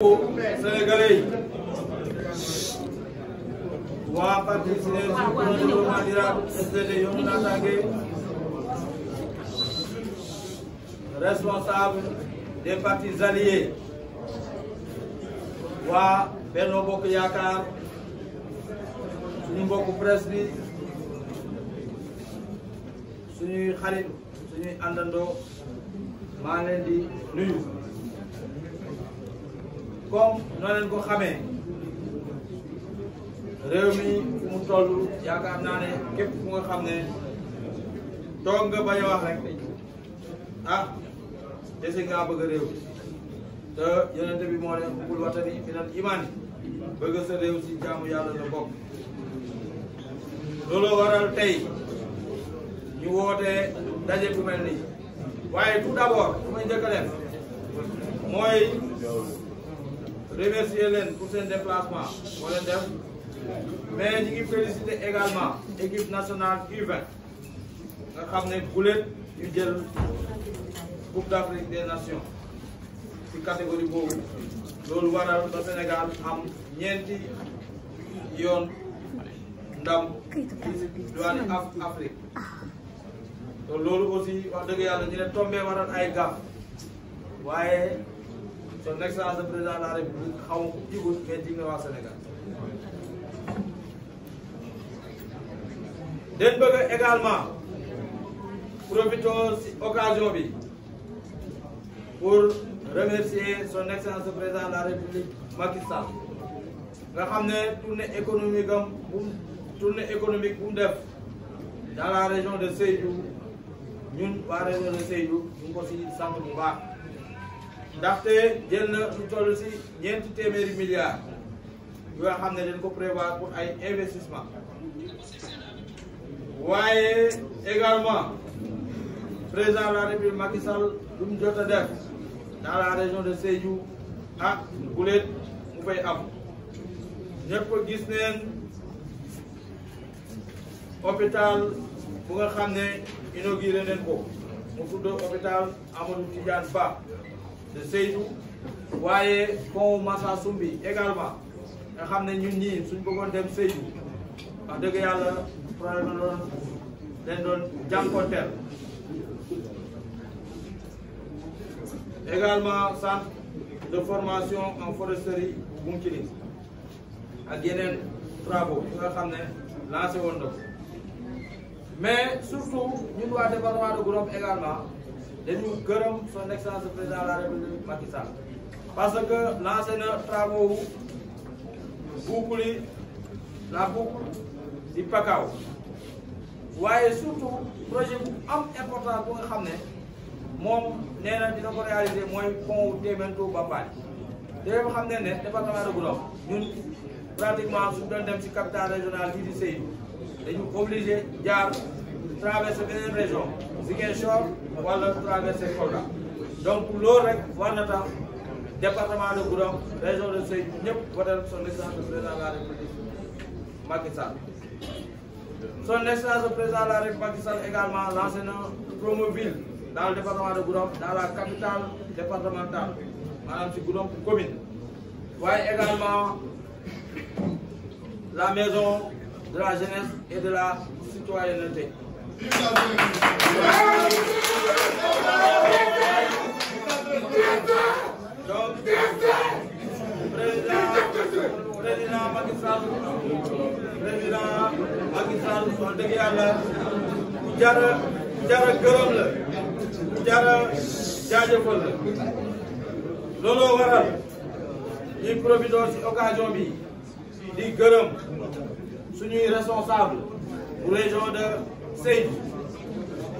Sénégalais yi waa parti Synergie pour le développement durable SDD Yokku responsable des partis waa Benno Bokk Yaakaar suñu mbokku presse bi suñuy maa leen di nuyu. comme noo leen ko xamee réew mi mu toll yaakaar naa ne képp ku nga xam ne toog nga bañ a wax rek ah dese ngaa bëgg réew te yonente bi moo ne xubbul watani minal iman bëgg sa réew si jaamu yàlla la bokk loolu waral tey ñu wootee daje bu mel nii waaye tout d'abord su may mooy remercier leen pour seen déplacement wala def mais ñu ngi féliciter également équipe nationale U20 nga xam ne guléet ñu jël Coupe d'Afrique des Nations ci catégorie boobu loolu waral ba Sénégal am ñeenti yoon ndam ci diwaanu Afrique te loolu aussi wax dëgg yàlla ñu ne tombé ay gaf waaye son excellence le président de la république xaw den bëgg également profité si occasion bi pour remercier son excellence le nga xam ne tournée économique am bu tournée économique bu def dans la région de Sédhiou ñun waa région de Sédhiou ñu ngi ko si sant ndaxte jël na lu toll si ñeenti téeméeri milliards yoo xam ne dañ ko prévoir pour ay investissement waaye également président la république Macky Sall mu jot a def dans la région de Sédhiou ak Goulet mu fay am ñëpp ko gis neen hôpital bu nga xam ne inauguré neen ko mu tudd hôpital Amadou Tidiane Ba de waaye pont Massa Sumbi également nga xam ne ñun ñii suñ bëggoon dem Seydou wax dëgg yàlla problème doon dañ doon jànkonteel également centre de formation en foresterie Bounkiling ak yeneen travaux yi nga xam ne lancé woon na ko mais surtout ñun waa département de Goudomp également dañu gërëm son excellence président la république Macky parce que lancé na travaux boucle la boucle di Pakao waaye surtout projet bu am important bu nga xam ne moom nee na dina ko réaliser mooy pont wu Témento Bambali délépp xam ne ne département de Goudomp ñun pratiquement su doon dem ci capitale régionale di Sédhiou dañu obligé jaar traversé beneen région Ziguinchor wala traversé Kolda donc loolu rek war na de Goudomp région de Sédhiou ñëpp votel son excellence le président de la République Macky son excellence le président de la République Macky Sall également lancé na dans le département de Goudomp dans la capitale départementale maanaam ci Goudomp commune waaye également la maison de la jeunesse et de la citoyenneté président Macky Sall président Macky jar jar a la ku jar a la looloo waral ñuy profité ci di gërëm suñuy responsable bu région Seydi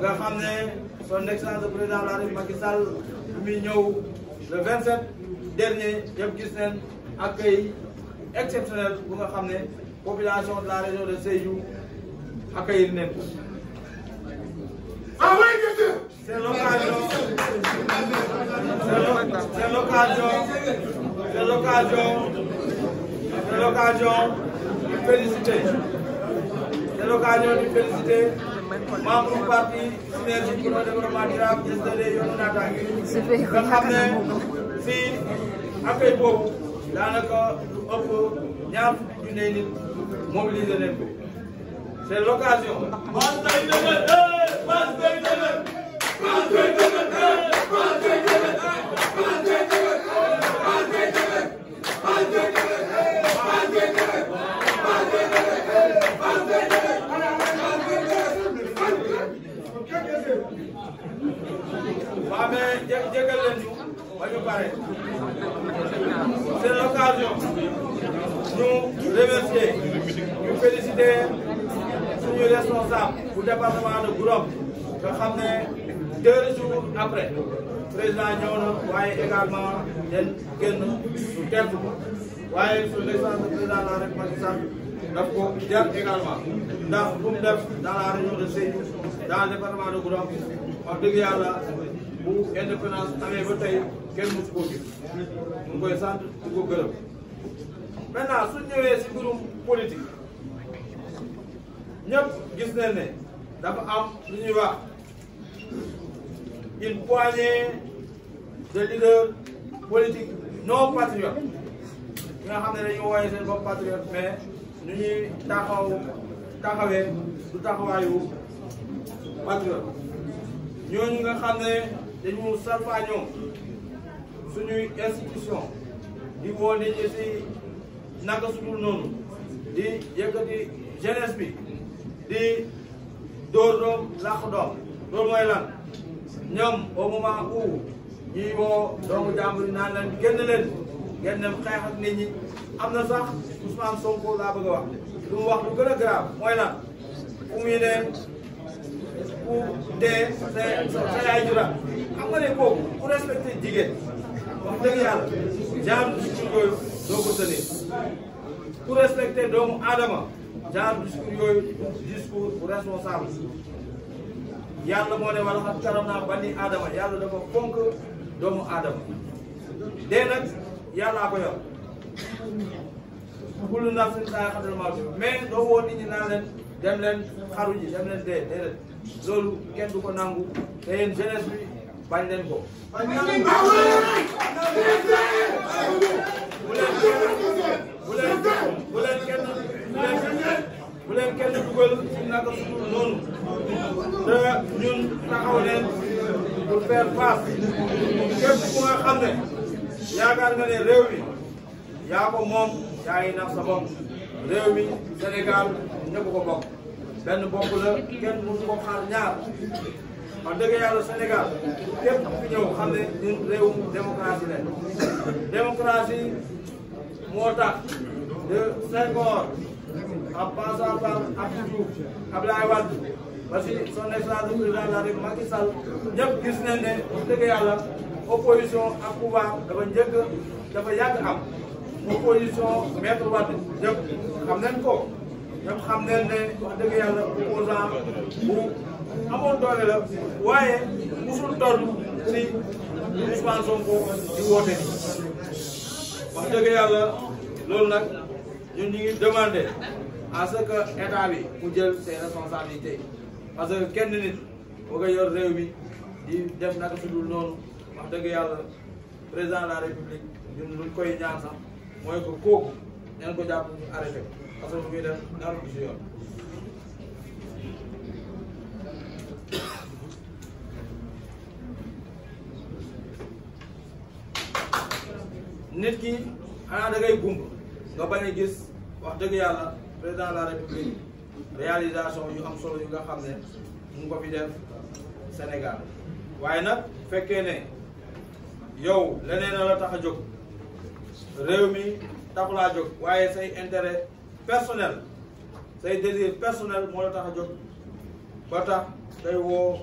nga xam ne son excellence le président de la République Macky Sall mi ñëw le 27 dernier ñëpp gis nañ accueil exceptionnel bu ne population de la région de Sédhiou accueillir nañ ko. Ah c'est l'occasion c'est l'occasion c'est l'occasion c'est l'occasion de féliciter c'est l'occasion de féliciter. membre bu parti synergie pour le développement durable SDD yoonu naataange nga xam ne fii accueil boobu daanaka lu ëpp ñaar fukki junni nit mobilisé nañ ko c'est l'occasion Thank you. waaw mais jé leen ñu ba ñu pare c'est l'occasion ñu remercier ñu féliciter suñu responsable bu département de Goudomp après président ñëw na waaye également den génn su teel ko waaye su l'excellence président la République Macky Sall daf ko jar également ndax bu mu def dans la région de dans le département de Goudomp wax dëgg yàlla bu indépendance amee ba tey kenn mësu koo gis mu ngi koy sant di ko gërëm maintenant su ñëwee si mbirum politique ñëpp gis nañ ne dafa am lu ñuy wax une poignée de leaders politiques non patriotes ñi nga xam ne dañu wooyee seen bopp patriote mais ñu ñuy taxaw taxawee du taxawaayu patriote ñooñu nga xam ne dañu salfaañoo suñuy institution di woo nit ñi si naka sudul noonu di yëkkati jeunesse bi di dóor doom làq doom loolu mooy lan ñoom au moment où ñuy woo doomu jàmbur yi naan génn leen ngeen xeex ak nit ñi am na sax Ousmane Sonko laa bëgg a wax lu mu wax lu gën a grave mooy lan fu ne ku dee sa sa yaay juraat xam nga ne kooku ku respecté jigéen wax dëgg yàlla jaar discours yooyu doo ko ku respecté doomu aadama jaar discours yooyu discours responsable yàlla moo ne wala xam karam naa bani aadama yàlla dafa fonk doomu aadama dee nag yàllaa ko yor kullu nafsin saa xatal mawt mais doo woo nit ñi naan leen dem leen xaru ji dem leen dee loolu kenn du ko nangu te yéen jeunesse bi bañ leen ko. bañ leen ko bu leen kenn bu leen kenn dugal ci noonu te ñun taxaw leen pour faire face képp xam ne yaakaar nga ne réew yaa ko moom yaa ngi nax sa bopp réew mi Sénégal ñëpp benn bopp la kenn mënu ko xaar ñaar wax Sénégal képp fi ñëw xam ne ñun réewum moo tax de Senghor en passant par Abdou Diouf Abdoulaye Wade ba si de la République Macky ne wax dëgg yàlla opposition ak pouvoir dafa njëkk dafa yàgg am opposition maître Wade ñëpp xam nañ ñoom xam ne ne wax dëgg yàlla opposant bu amoon doole la waaye musul toll si Ousmane Sonko di woote wax dëgg yàlla loolu nag ñun ñu ngi demandé à que état bi mu jël ses responsabilités parce que kenn nit boo ko yor réew di dem naka su dul noonu wax dëgg yàlla président la république ñun luñ koy ñaan sax mooy ko kooku ñan ko jàpp ñu arrêté façon bi muy def dara du si nit ki xanaa da ngay gumb nga bañ a gis wax dëgg yàlla président de la république réalisation yu am solo yu nga xam ne mu ko fi def Sénégal waaye nag fekkee ne yow leneen la tax a jóg réew mi taxulaa jóg waaye say intérêt personnel say désir personnel moo la tax a jóg ba tax day woo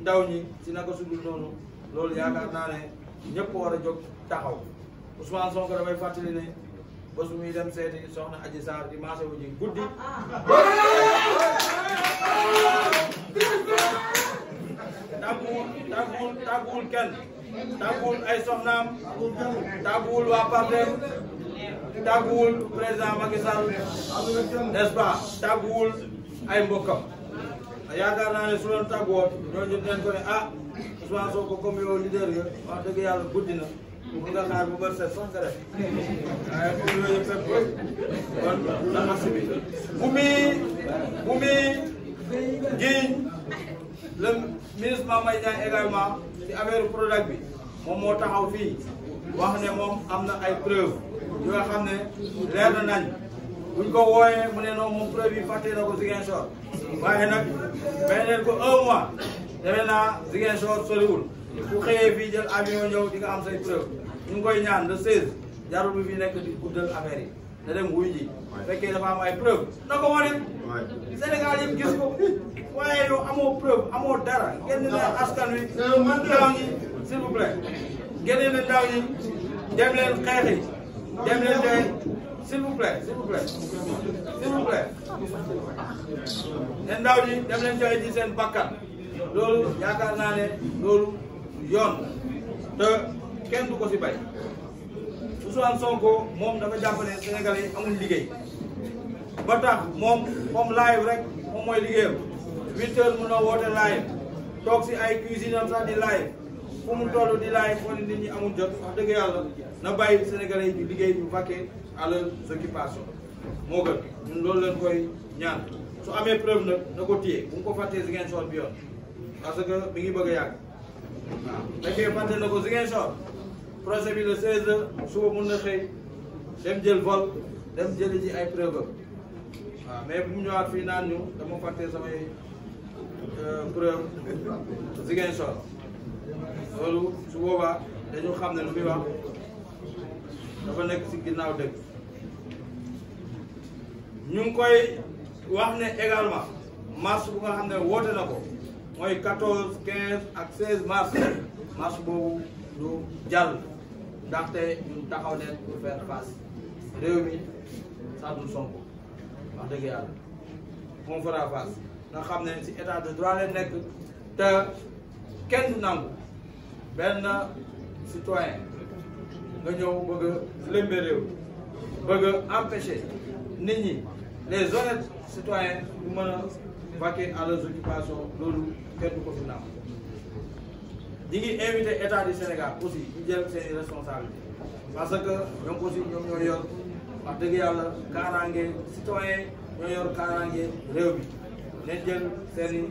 ndaw ñi si naka sudul noonu loolu yaakaar naa ne ñëpp war a jóg taxaw Ousmane Sonko damay fàttali ne bés bu muy dem seeti soxna Adji Sarr di marché wu ji guddi tàgguwul tàgguwul tàgguwul kenn tàgguwul ay soxnaam tàgguwul waa Pastef tàgguwul président Macky Sall n'est-ce pas ay mbokkam yaakaar naa ne su leen tàgguwoon ñoo ñu leen ko ne ah Ousmane Sonko comme yow leader nga wax dëgg yàlla guddi na mu nga xaar bu bët set sax nga def waaye comme yooyu yëpp fekk kon na bi bu muy bu bi moom moo taxaw fii wax ne moom am na ay preuve yi nga xam ne leer na nañ buñ ko wooyee mu ne noonu moom preuve yi fàtte na ko Ziguinchor waaye nag may leen ko un mois defe naa Ziguinchor soriwul ku xëyee fii jël avion ñëw di nga am say preuve ñu koy ñaan le 16 jarul bi fi nekk di guddal affaire yi na dem wuy ji fekkee dafa am ay preuve na ko wane Sénégal yëpp gis ko waaye yow amoo preuve amoo dara génn na askan wi ndaw ñi s'il vous plaît génn na ndaw ñi dem leen xeexi dem leen de s'il vous plaît s'il vous plaît s'il seen bakkan loolu yaakaar naa ne loolu yoon te kenn du ko si bay Ousmane Sonko moom dafa jàpp ne Sénégalais yi amul liggéey ba tax moom comme live rek moom mooy liggéeyam huit mun a woote live toog si ay cuisine am sax di live fu mu toll ni laay foo nit ñi amul jot wax dëgg yàlla na bàyyi sénégalais yi ñu liggéey ñu vaquer à leurs occupations moo gën ñun loolu leen koy ñaan su amee preuve nag na ko téye bu mu ko fàttee Ziguinchor bi yoon parce que mi ngi bëgg a yàgg waaw fekkee fàtte na ko Ziguinchor projet bi le 16 suba mun na xëy dem jël vol dem jëli ji ay preuve am mais bu mu ñëwaat fii naan ñu dama fàtte samay euh, preuve Ziguinchor loolu su boobaa dañu xam ne lu muy wax dafa nekk ci ginnaaw dëgg ñu ngi koy wax ne également mars bu nga xam ne woote na ko mooy 14 15 ak 16 mars mars boobu du jàll ndaxte ñun taxaw neen pour faire face réew mi sàddul Sonko wax dëgg yàlla on fera face nga xam ne si état de droit leen nekk te kenn nangu benn citoyen nga ñëw bëgg a lëmbe réew bëgg a nit ñi les honnêtes citoyens ñu mën a vaquer à leurs occupations loolu kenn du ko fi ñi ngi invité état du Sénégal aussi ñu jël seen responsabilité parce que ñoom aussi ñoom ñoo yor wax dëgg yàlla kaaraange citoyen ñoo yor kaaraange réew bi leen jël seen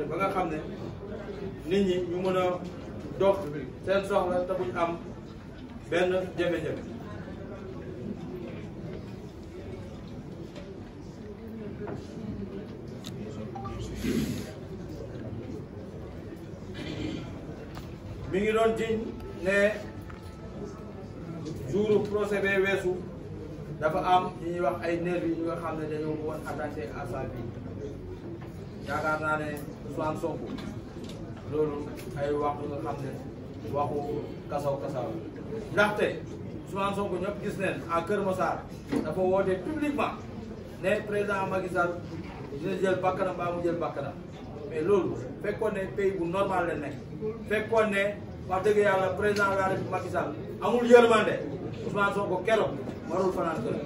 i ba nga xam ne nit ñi ñu mën a dox seen soxla te am benn jafe-jafe mi ngi doon jiñ ne jouru procès weesu dafa am ñu ñuy wax ay nervi yi nga xam ne dañoo woon attaché à sa vie yaakaar naa ne Ousmane Sonko loolu ay wax nga xam ne waxu kasaw kasaw ndaxte Ousmane Sonko ñëpp gis neen à Kër Massar dafa woote publiquement ne président Macky Sall dina jël bakkanam mbaa mu jël bakkanam mais loolu fekkoon ne pays bu normal la nekk fekkoon ne wax dëgg yàlla président de la République Macky Sall amul yërmande Ousmane Sonko keroog warul fanaan kër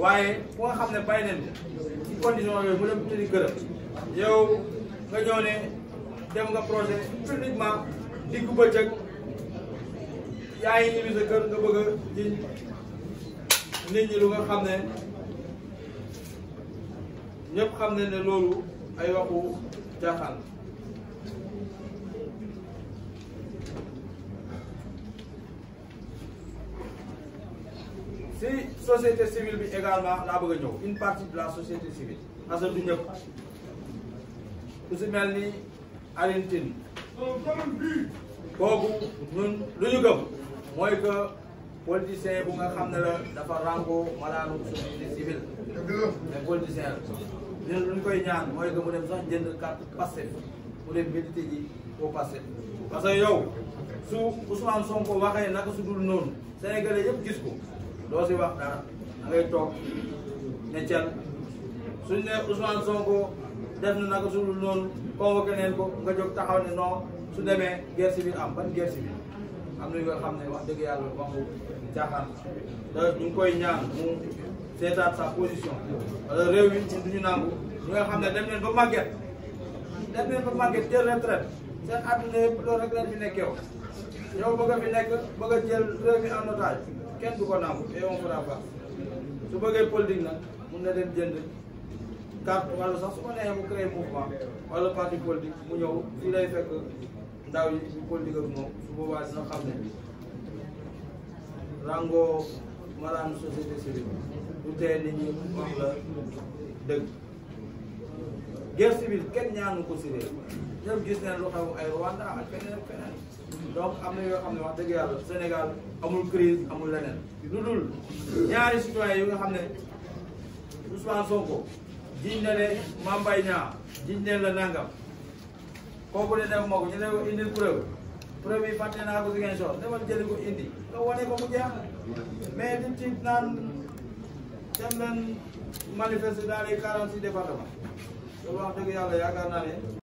waaye ku nga xam ne bàyyi nañ ci condition yooyu mu dem tëddi këram yow nga ñëw ne dem nga projet publiquement diggu bëccëg yaa ngi ñibbi sa kër nga bëgg a jiñ nit ñi lu nga xam ne ñëpp xam ne ne loolu ay waxu jaaxal si société civile bi également laa bëgg a ñëw une partie de la société civile parce que du ñëpp ku si mel ni Alioune Tine kooku ñun lu ñu gëm mooy que politicien bu nga xam ne la dafa rango malaanu société civile mais politicien la ñun lu ñu koy ñaan mooy que mu dem sax jënd carte Pastef mu dem milité ji au Pastef parce que yow su Ousmane Sonko waxee naka su dul noonu Sénégalais yëpp gis ko doo si wax dara da ngay toog ne cel suñ ne Ousmane Sonko def na naka suul noonu convoqué neen ko nga jóg taxaw ne non su demee guerre bi am ban guerre civile am na yoo xam ne wax dëgg yàlla waxu jaaxaan te ñu ngi koy ñaan mu seetaat sa position wala réew yi ñun du ñu nangu ñi nga xam ne dem neen ba màgget dem neen ba màgget jël retraite seen àdduna yëpp loolu rek lañ fi nekkeew yow bëgg a fi nekk bëgg kenn du ko na et on fera pas su bëggee politique nag mun na dem jënd carte wala sax su ko neexee mu créé mouvement wala parti politique mu ñëw fii lay fekk ndaw yi ñu politique moom su boobaa xam ne rango maanaam société civile du tee nit ñi wax la dëgg guerre civile kenn ñaanu ko si réew ñëpp gis nañ lu xew ay Rwanda ak feneen donc am na yoo xam ne wax dëgg yàlla Sénégal amul crise amul leneen lu dul ñaari citoyen yi nga xam ne Ousmane Sonko jiñ na ne Mame Mbaye Niang jiñ leen nangam kooku ne def moo ko ñu ne ko indil naa ko si ngeen soxla demal ko indi nga wane ko mu jeex mais di ci naan dem leen manifester dans les quarante six départements loolu wax dëgg yàlla yaakaar naa